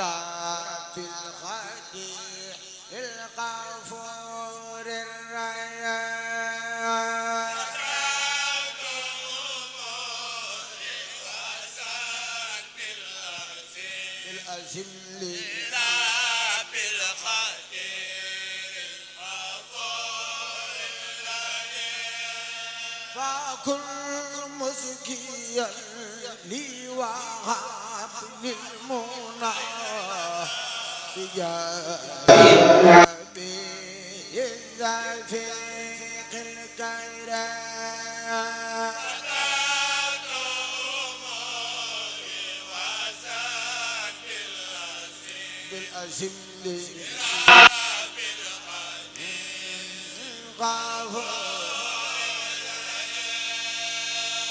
التراب الخديع الغفور الريان بالأزل لا بالخديع الغفور الريان فكن مسكيا لي وهاب للمنى بجاه إذا في الكرام بالأزم غافر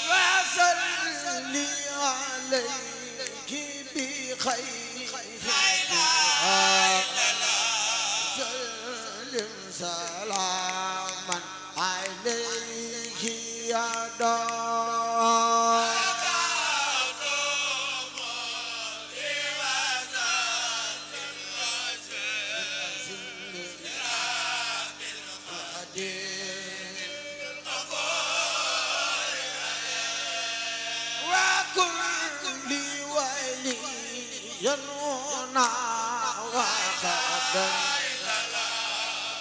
وصل لي عليه xay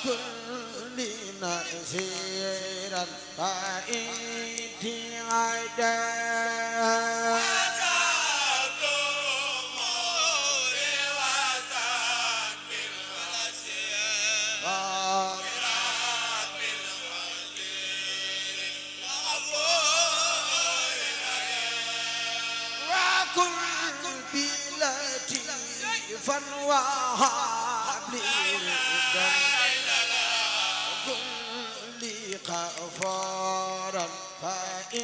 كل نسيرا فإنتي عدد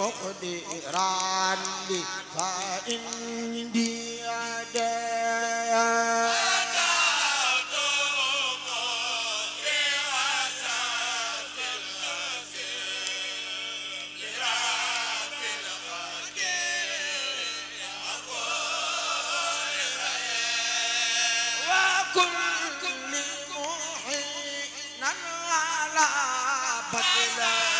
مقدرا فإني أداك But Patla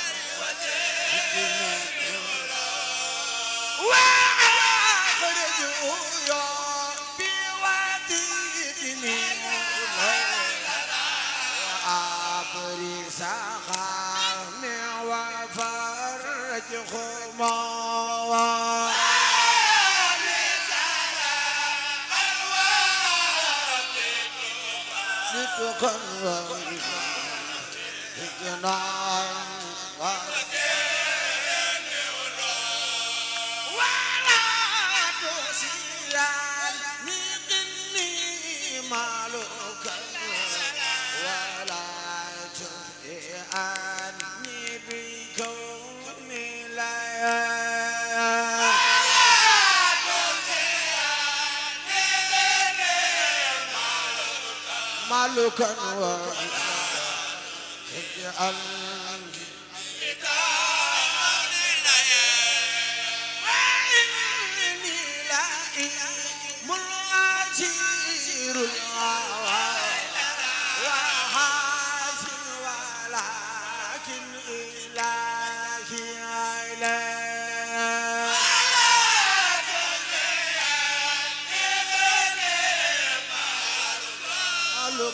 تقرب اجعلك نورا اجعلنا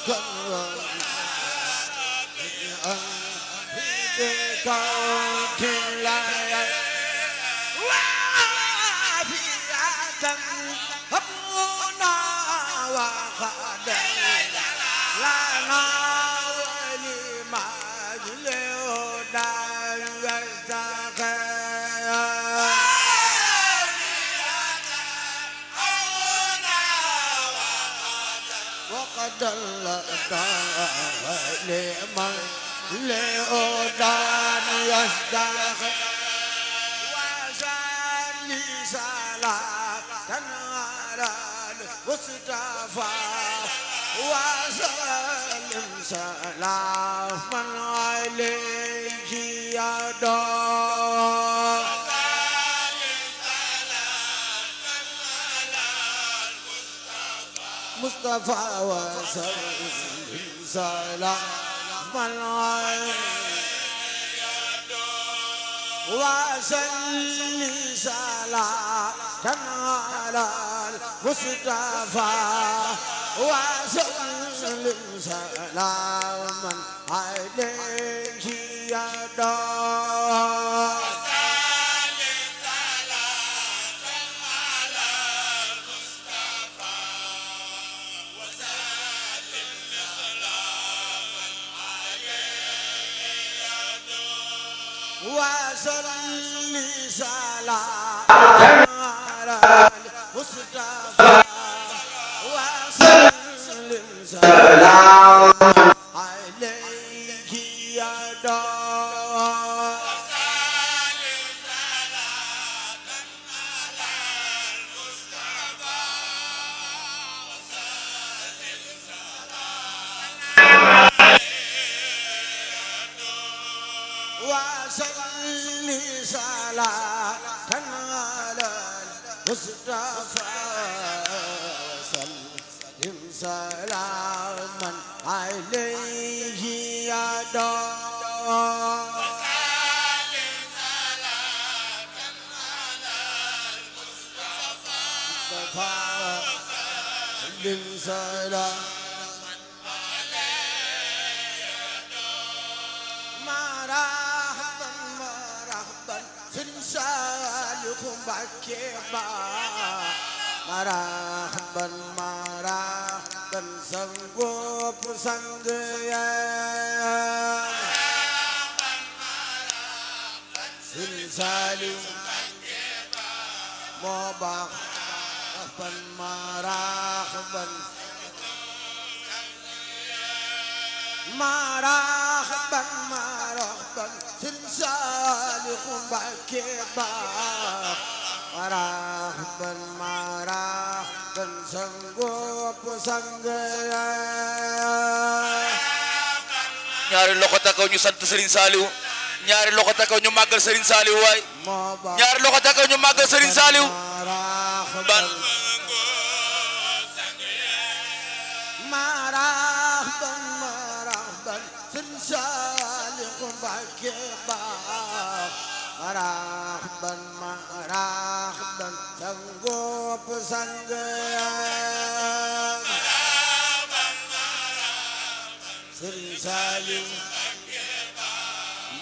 la la لمن لأودان يصدق وسالي صلاة على المصطفى وسلم سلاما عليه يا دار مصطفى وسلم سلام عليك وسلم سلاما على المصطفى وسلم سلاما عليك وصلي سلام على المصطفى وسلم سلام صل صلاة على المصطفى سلم سلاما عليه يا دار وسلم صلاة على المصطفى سلم سلاما ba marhaban marhaban sangoop sang ya Sëriñ Saaliw moo baax marhaban marhaban marhaban marhaban Sëriñ Saaliw Mbàkke baax rahban mara dan sanggup sanggaya ñaari loxo takaw ñu sant Serigne Saliou ñaari loxo takaw ñu màggal Serigne Saliou waay ñaari loxo takaw ñu màggal Serigne Saliou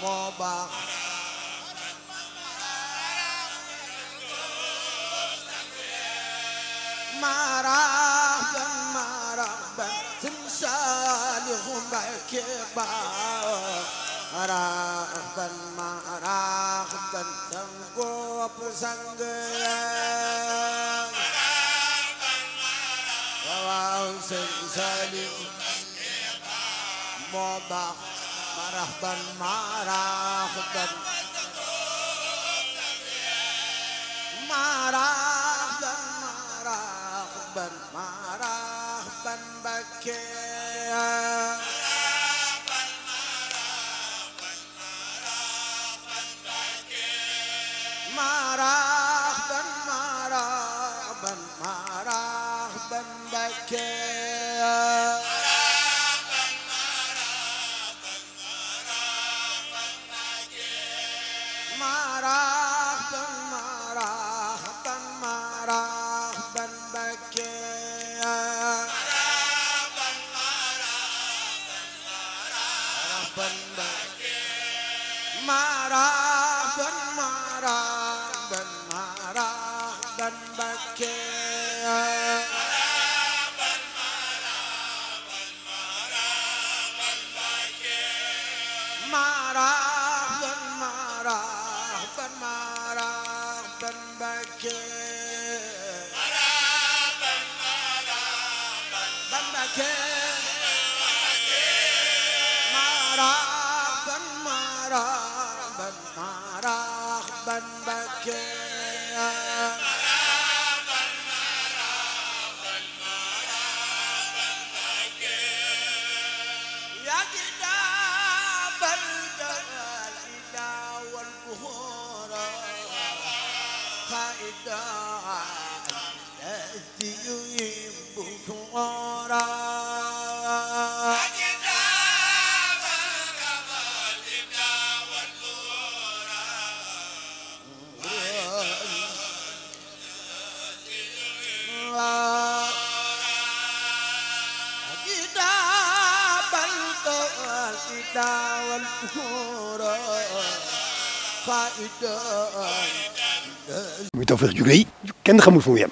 moo baax maraban maraban sëñ Saalihu Mbàkke baax maraban maraban sam gopp sang waaw sëñ Saalihu moo baax رهبا ما رهبا ما رهبا ما رهبا ما رهبا بكيا ما رهبا ما رهبا ما رهبا بكيا Ban Mbakke Tawfekh ju rëy kenn xamul fu mu yem.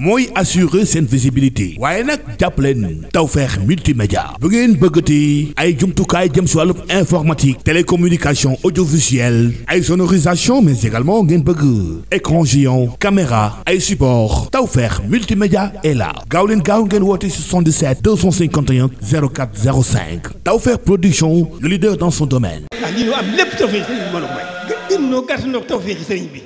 mooy assurer seen visibilité waaye nag jàpp leen Tawfekh multimédia bu ngeen bëggati ay jumtukaay jëm si wàllu informatique télécommunication audiovisuelle ay sonorisation mais également ngeen bëgg écran géant caméra ay support Tawfekh multimédia est là gaaw leen gaaw ngeen woote 77 251 04 05 Tawfekh production le leader dans son domaine. ah lii am lépp Tawfekh sëriñ bi mën a may. gën noo gàtt noo Tawfekh sëriñ bi.